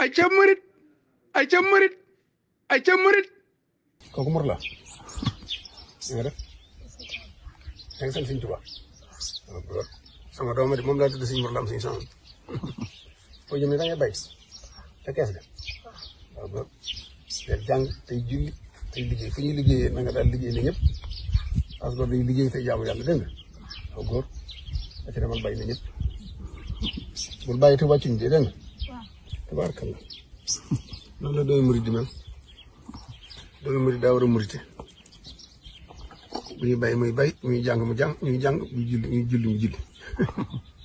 ay ca mërit ay ca mërit ay ca mërit kooku mor la nga def yaa ngi sant sëñ Tuubaa sama dooma di moom laa tudd sëñ mor la am sëñ son foo jëm ne da ngay bay te kees ga waaw ba te jàng tey julli tey liggéey fu ñu liggéeyee na nga daal liggéey tabaarkalla noonu la dooy murit di mel dooy daa war a murite bu ñuy bay muy bay ñuy jàng mu jàng ñuy jàng bu ñuy julli ñuy julli mu